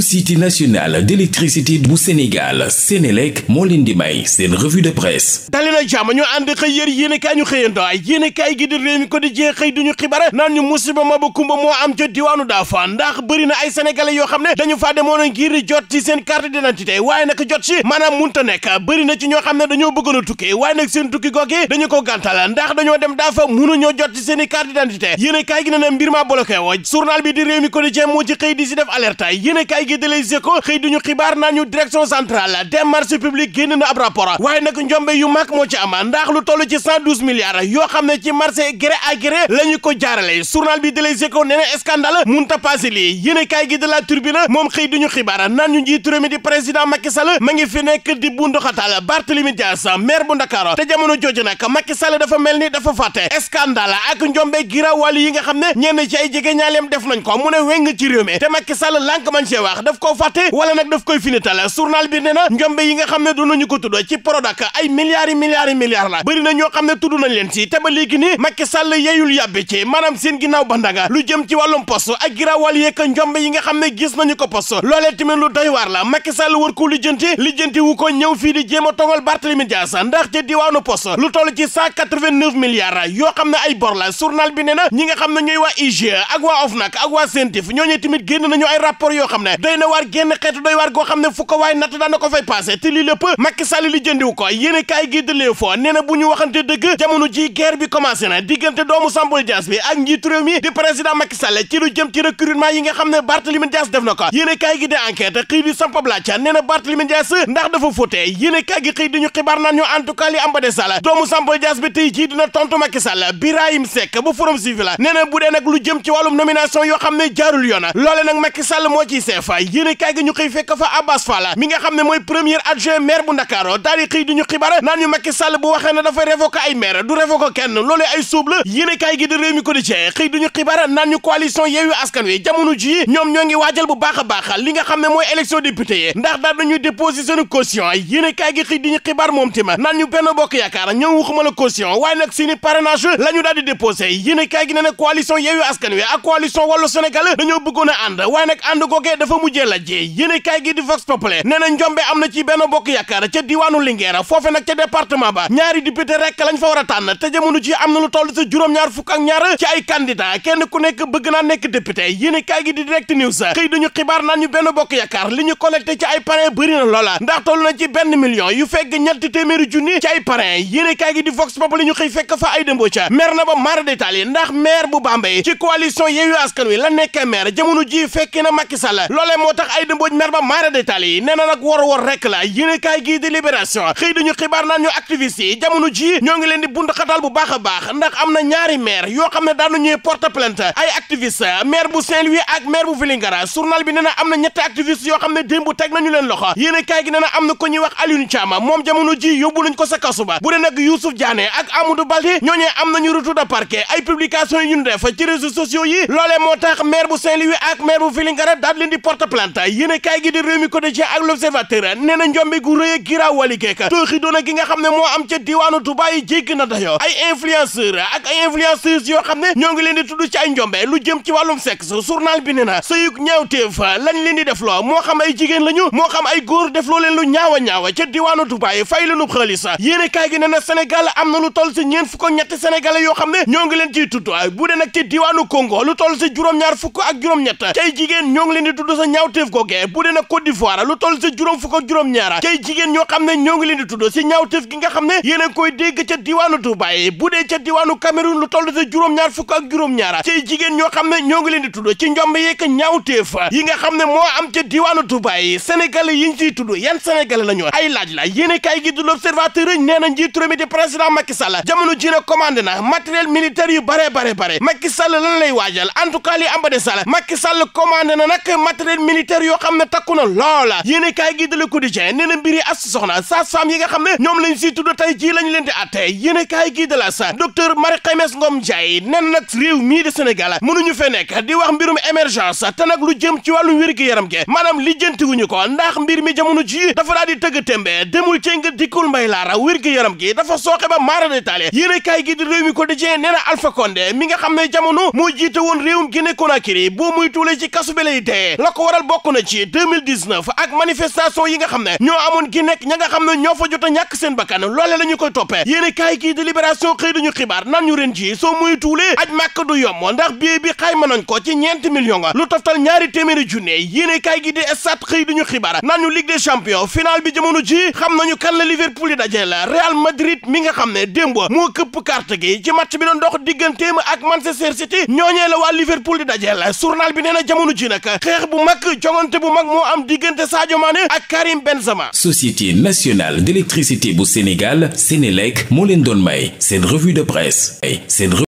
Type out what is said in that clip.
société nationale d'électricité bu Sénégal Sénélec moo leen di may seen revue de presse dali na jàmm ñu ànd xëy yër yéenekaay ñu xëyando yéenekaay gi di réew mi ko di jee xëy duñu xibaar naan ñu musiba ma ba kumba moo am ca diwaanu Daafa ndax bëri ay sénégalais yoo xam ne dañu faa demoon ngir jot ci seen carte d'identité waaye nag jot ci maanaam munta nekk bëri ci ñoo xam ne dañoo bëggoon a tukki waaye nag seen tukki googi dañu gi de Les Échos xibaar naa ñu direction centrale des marchés génn na ab rapport waaye nag njombe yu mag moo ci am ndax lu toll ci cent douze milliards yoo xam ne ci marché gré à gré la ñu ko jaarale journal bi de Les Échos nee na scandale munta passé lii yéene kaay moom xëy duñu xibaar naan ñu njiitu di président Macky ma ngi fi nekk di bunduxatal Barthélémy Dias maire bu Ndakaaru te jamono jooju nag Macky Sall ni dafa fàtte scandale ak njombe yi nga xam ne ñenn ci ay jege ñaaleem def nañ ko wax daf koo fàtte wala nag daf koy finital journal bi ne na njombe yi nga xam ne dunañu ko tudd ci Prodac ay milliards yi milliards yi milliards la bëri na ne tudd nañ leen ci te ba léegi ni Macky Sall yeyul yàbbe ci maanaam seen ginnaaw bandanga lu jëm ci wàllum poste ak girawal yeeg njombe yi nga xam ne gis nañu ko poste loolee tamit lu doy waar la Macky Sall wër ko lijjanti lijjanti wu ko ñëw fii di jéem a tongal Barthélemy Dias ndax ci diwaanu poste lu toll ci yoo xam ne ay bor la journal bi ñi nga xam ne ñooy waa IGE ak waa yoo xam ne doy na waar génn xeet doy war goo xam ne fu ko waaye natt daana ko fay passé te lii lépp Macky Sall li jëndiw ko yéen kaay gi de l'info nee na bu ñu waxante dëgg jamono ji guerre bi commencé na diggante doomu Sambol Dias bi ak njiitu réew mi di président Macky Sall ci lu jëm ci recrutement yi nga xam ne Barthélémy Dias def na ko yéen kaay gi de enquête xëy di sampablaaca nee na Barthélémy Dias ndax dafa fóote yéen kaay gi xëy di ñu xibaar naan ñu en tout cas li am ba tey jii dina tontu Macky Sall Birahim Seck bu Forum Civil nee bu dee nag lu jëm ci wàllum nomination yoo xam ne jaarul yoon loole nag Macky Sall moo ciy fa yéene kaay gi ñu xëy ne mooy premier adjoint maire bu Ndakaaru daal di xëy di ñu xibaar naan ñu a baax nga xam ne mooy élection député yi ndax daal dañuy déposer seen caution yéene kaay gi xëy di ñu xibaar moom tima naan ñu benn bokk yaakaar ñoom waxuma la caution waaye nag seeni parrainage la ñu daal di déposé gi ne na coalition Askan Wi ak coalition Wallu Sénégal dañoo bëggoon a waaye nag ànd googee dafa fa la jee yéene kaay gi di Vox Populi nee na njombe am na ci benn bokk yaakaar ca diwaanu Linguère foofe nag ca département ba ñaari député rek lañ fa war a tànn te jamono ci am na lu toll sa juróom-ñaar fukk ak ñaar ci ay candidat kenn ku nekk bëgg naa nekk député yéene kaay gi di Direct News xëy dañu xibaar naan ñu benn bokk yaakaar li ñu collecté ci ay parrain bëri na loola benn million yu fekk ñetti téeméeri junni ci ay parrain yéene kaay gi di Vox Populi ñu xëy fekk fa ay dëmboo ca maire na ba mara détail ndax maire bu Bambey ci coalition Yewwi Askan Wi la nekkee maire jamono ji fekk na Macky Sall loolee moo tax Aïda Mbodj mer ba maara détaal yi nag war war rek la yéene kaay gii di libération xëy xibaar naan ñu activiste yi ji ñoo ngi leen di bund xatal bu baax a ndax am na ñaari maire yoo xam ne daanu porte plainte ay activiste maire bu Saint-Louis ak maire bu bi nee am na ñetti activiste yoo xam ne démb teg nañu leen loxo yéene kaay gi nee na am na ko ñuy wax Alioune Thiam moom jamono ji yóbbu nañ ko sa kasu ba nag yu porte plainte yéene kaay gi di Rewmi Quotidien ak L'Observateur nee na njombe gu rëy a kiraa wali keeka tooxi doona gi nga xam ne moo am ca diwaanu Touba yi jégg na dayoo ay influenceur ak ay influenceuses yoo xam ne ñoo ngi leen di tudd ci ay njombe lu jëm ci wàllum sexe journal bi ne na sëyug ñaawteef lañ leen di def loo moo xam ay jigéen la ñu moo xam ay góor def loo leen lu ñaawa ñaawa ca diwaanu Touba yi fay leenub xaalis yéene kaay gi ne na Sénégal am na lu toll si ñeen fukk ñetti Sénégalais yoo xam ne ñoo ngi leen ciy tudd bu dee nag ci lu toll si juróom-ñaar fukk ak juróom-ñett cay ñoo ngi leen di tudd na ñaawteef googee bu dee na Côte d'Ivoire lu toll si juróom fukk ak juróom ñaara cay jigéen ñoo xam ne ñoo ngi leen di tudd si ñaawteef gi nga xam ne yéen a koy dégg ca diwaanu Dubaay bu dee ca diwaanu Cameroun lu toll si juróom-ñaar fukk ak juróom-ñaara jigéen ñoo xam ne ñoo ngi leen di tudd ci njomb yeeg ñaawteef yi nga xam ne moo am ca diwaanu Dubaay sénégalais yi ñu siy tudd yan sénégalais la ñu ay laaj la yéene kaay gi du l'observateur nee na njiitu réew mi di président Macky Sall na commandé na yu bare bare bare Macky Sall lan lay waajal en tout cas li am ba de Sall Macky Sall na nag leen militaire yoo xam ne takku na loola yéene kaay gi de Le Quotidien nee na mbiri a soxna sa saam yi nga xam ne ñoom lañ si tudd tey jii lañ leen di atte yéene kaay gi de la sa docteur Marie Khemesse Ngom Ndiaye nen nag réew mii de Sénégal mënuñu fe nekk di wax mbirum émergence te nag lu jëm ci wàllu wér-gi-yaram ge maanaam lijjantiwuñu ko ndax mbir mi jamono ji dafa daal di tëgg tembe demul cee nga dikkul mbay laara wér-gi-yaram gi dafa sooxe ba maara détaale yéene kaay gi di réew mi Quotidien nee na mi nga xam ne jamono moo jiite woon réewum Guinée Conakry boo muy tuule ci kasu bi lay dee ko waral bokk na ci 2019 ak manifestation yi nga xam ne ñoo amoon gi nekk ña nga xam ne ñoo fa jot a ñàkk seen bakkan loole la ñu koy toppee yéen kaay kii délibération xëy dañu xibaar nan ñu ren ci soo muy tuulee aj màkk du yomb ndax billet bi xayma nañ ko ci ñeenti million nga lu toftal ñaari téeméeri junne yéen kaay gi di stade xëy dañu xibaar nan ñu ligue des champions final bi jamono ji xam nañu kan la Liverpool yi dajee la Real Madrid mi nga xam ne démb moo këpp carte gi ci match bi doon dox digganteem ak Manchester City ñooñee la waa Liverpool di dajee la journal bi nee na jamono ji nag mag jongante bu mag moo am diggante Sadio Mané ak Karim Benzema. Société nationale d'électricité bu Sénégal Sénélec moo leen doon may seen revue de presse ay seen